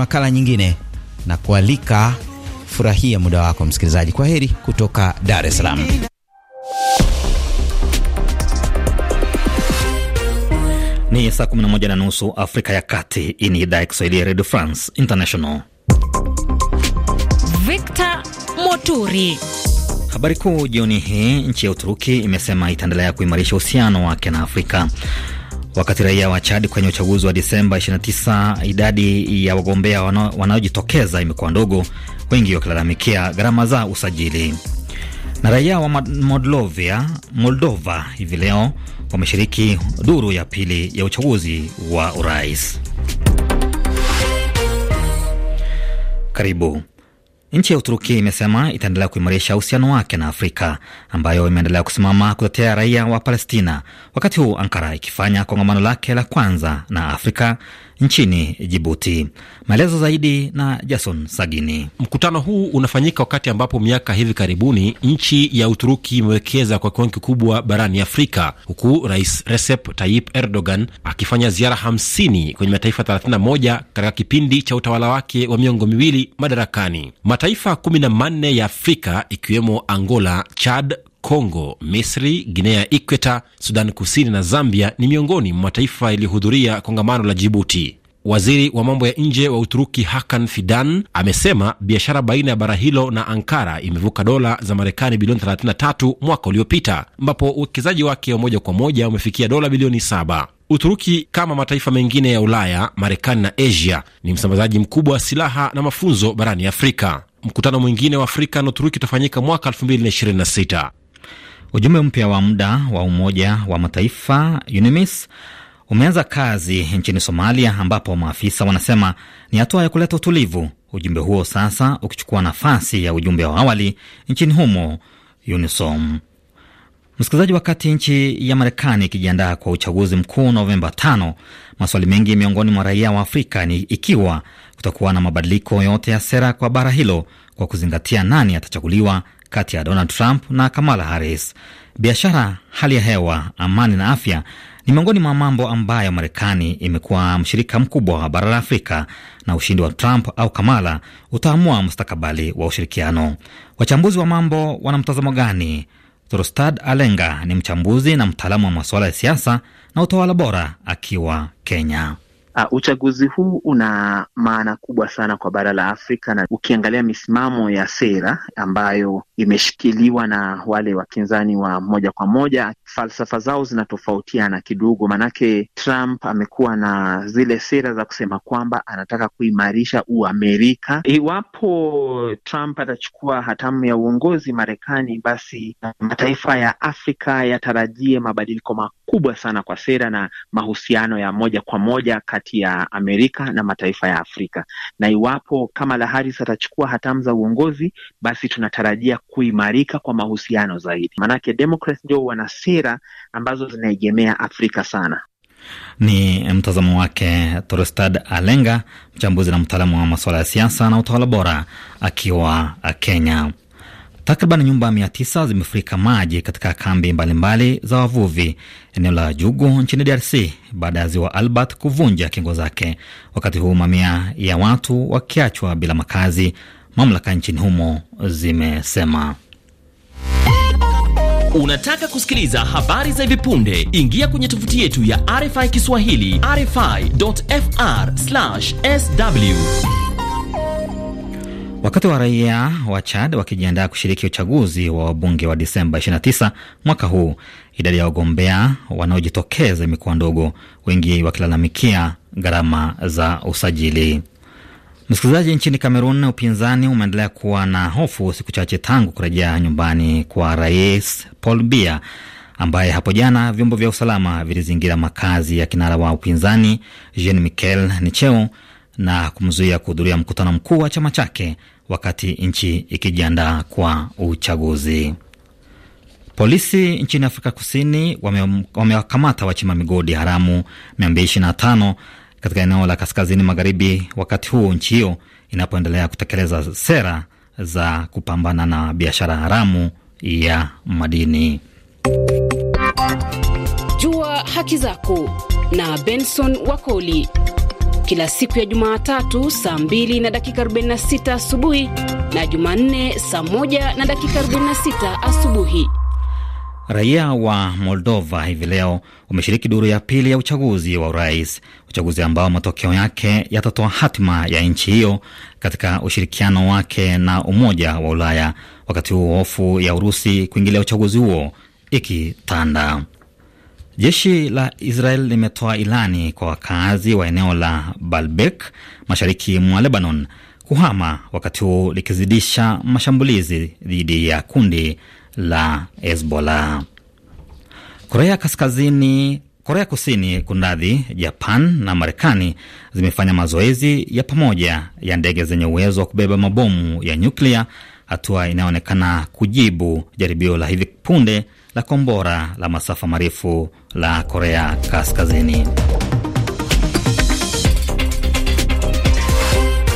makala nyingine na kualika. Furahia muda wako msikilizaji. Kwa heri kutoka Dar es Salaam. Ni saa 11 na nusu Afrika ya Kati. Hii ni idhaa ya Kiswahili ya Radio France International. Victor Moturi. Habari kuu jioni hii, nchi ya Uturuki imesema itaendelea kuimarisha uhusiano wake na Afrika. Wakati raia wa Chad kwenye uchaguzi wa Disemba 29, idadi ya wagombea wanaojitokeza imekuwa ndogo, wengi wakilalamikia gharama za usajili. Na raia wa Moldovia, Moldova hivi leo wameshiriki duru ya pili ya uchaguzi wa urais. Karibu. Nchi ya Uturuki imesema itaendelea kuimarisha uhusiano wake na Afrika ambayo imeendelea kusimama kutetea raia wa Palestina, wakati huu Ankara ikifanya kongamano lake la kwanza na Afrika nchini Jibuti. Maelezo zaidi na Jason Sagini. Mkutano huu unafanyika wakati ambapo miaka hivi karibuni nchi ya Uturuki imewekeza kwa kiwango kikubwa barani Afrika, huku Rais Recep Tayyip Erdogan akifanya ziara 50 kwenye mataifa 31 katika kipindi cha utawala wake wa miongo miwili madarakani. Mataifa 14 ya Afrika ikiwemo Angola, Chad, Kongo, Misri, Guinea Ikweta, Sudan Kusini na Zambia ni miongoni mwa mataifa yaliyohudhuria kongamano la Jibuti. Waziri wa mambo ya nje wa Uturuki Hakan Fidan amesema biashara baina ya bara hilo na Ankara imevuka dola za Marekani bilioni 33 mwaka uliopita, ambapo uwekezaji wake wa moja kwa moja umefikia dola bilioni saba. Uturuki kama mataifa mengine ya Ulaya, Marekani na Asia ni msambazaji mkubwa wa silaha na mafunzo barani Afrika. Mkutano mwingine wa Afrika na Uturuki utafanyika mwaka 2026. Ujumbe mpya wa muda wa Umoja wa Mataifa UNMISS umeanza kazi nchini Somalia, ambapo maafisa wanasema ni hatua ya kuleta utulivu, ujumbe huo sasa ukichukua nafasi ya ujumbe wa awali nchini humo UNISOM. Msikilizaji, wakati nchi ya Marekani ikijiandaa kwa uchaguzi mkuu Novemba 5, maswali mengi miongoni mwa raia wa Afrika ni ikiwa kutakuwa na mabadiliko yote ya sera kwa bara hilo kwa kuzingatia nani atachaguliwa kati ya Donald Trump na Kamala Harris. Biashara, hali ya hewa, amani na afya ni miongoni mwa mambo ambayo Marekani imekuwa mshirika mkubwa wa bara la Afrika, na ushindi wa Trump au Kamala utaamua mustakabali wa ushirikiano. Wachambuzi wa mambo wana mtazamo gani? Torostad Alenga ni mchambuzi na mtaalamu wa masuala ya siasa na utawala bora akiwa Kenya. Uh, uchaguzi huu una maana kubwa sana kwa bara la Afrika na ukiangalia misimamo ya sera ambayo imeshikiliwa na wale wakinzani wa moja kwa moja. Falsafa zao zinatofautiana kidogo, maanake Trump amekuwa na zile sera za kusema kwamba anataka kuimarisha Uamerika. Iwapo Trump atachukua hatamu ya uongozi Marekani, basi mataifa ya Afrika yatarajie mabadiliko makubwa sana kwa sera na mahusiano ya moja kwa moja kati ya Amerika na mataifa ya Afrika. Na iwapo Kamala Harris atachukua hatamu za uongozi, basi tunatarajia kuimarika kwa mahusiano zaidi, maanake Democrats ndio wana sera ambazo zinaegemea Afrika sana. Ni mtazamo wake Torestad Alenga, mchambuzi na mtaalamu wa masuala ya siasa na utawala bora, akiwa Kenya. Takriban nyumba mia tisa zimefurika maji katika kambi mbalimbali mbali za wavuvi eneo la Jugu nchini DRC baada ya ziwa Albert kuvunja kingo zake, wakati huu mamia ya watu wakiachwa bila makazi mamlaka nchini humo zimesema. Unataka kusikiliza habari za hivi punde? Ingia kwenye tovuti yetu ya RFI Kiswahili, rfi.fr/sw. Wakati wa raia wa Chad wakijiandaa kushiriki uchaguzi wa wabunge wa Disemba 29 mwaka huu, idadi ya wagombea wanaojitokeza imekuwa ndogo, wengi wakilalamikia gharama za usajili. Msikilizaji, nchini Kamerun upinzani umeendelea kuwa na hofu siku chache tangu kurejea nyumbani kwa rais Paul Biya ambaye hapo jana vyombo vya usalama vilizingira makazi ya kinara wa upinzani Jean Michel nicheu na kumzuia kuhudhuria mkutano mkuu wa chama chake wakati nchi ikijiandaa kwa uchaguzi. Polisi nchini Afrika Kusini wamewakamata wachima migodi haramu 225 katika eneo la kaskazini magharibi, wakati huu nchi hiyo inapoendelea kutekeleza sera za kupambana na biashara haramu ya madini. Jua haki zako na Benson Wakoli kila siku ya Jumatatu saa 2 na dakika 46 asubuhi na Jumanne saa 1 na dakika 46 asubuhi. Raia wa Moldova hivi leo wameshiriki duru ya pili ya uchaguzi wa urais, uchaguzi ambao matokeo yake yatatoa hatima ya nchi hiyo katika ushirikiano wake na Umoja wa Ulaya, wakati huu hofu ya Urusi kuingilia uchaguzi huo ikitanda. Jeshi la Israel limetoa ilani kwa wakazi wa eneo la Baalbek mashariki mwa Lebanon kuhama, wakati huu likizidisha mashambulizi dhidi ya kundi la Hezbollah. Korea Kaskazini, Korea Kusini kunradhi, Japan na Marekani zimefanya mazoezi ya pamoja ya ndege zenye uwezo wa kubeba mabomu ya nyuklia, hatua inayoonekana kujibu jaribio la hivi punde la kombora la masafa marefu la Korea Kaskazini.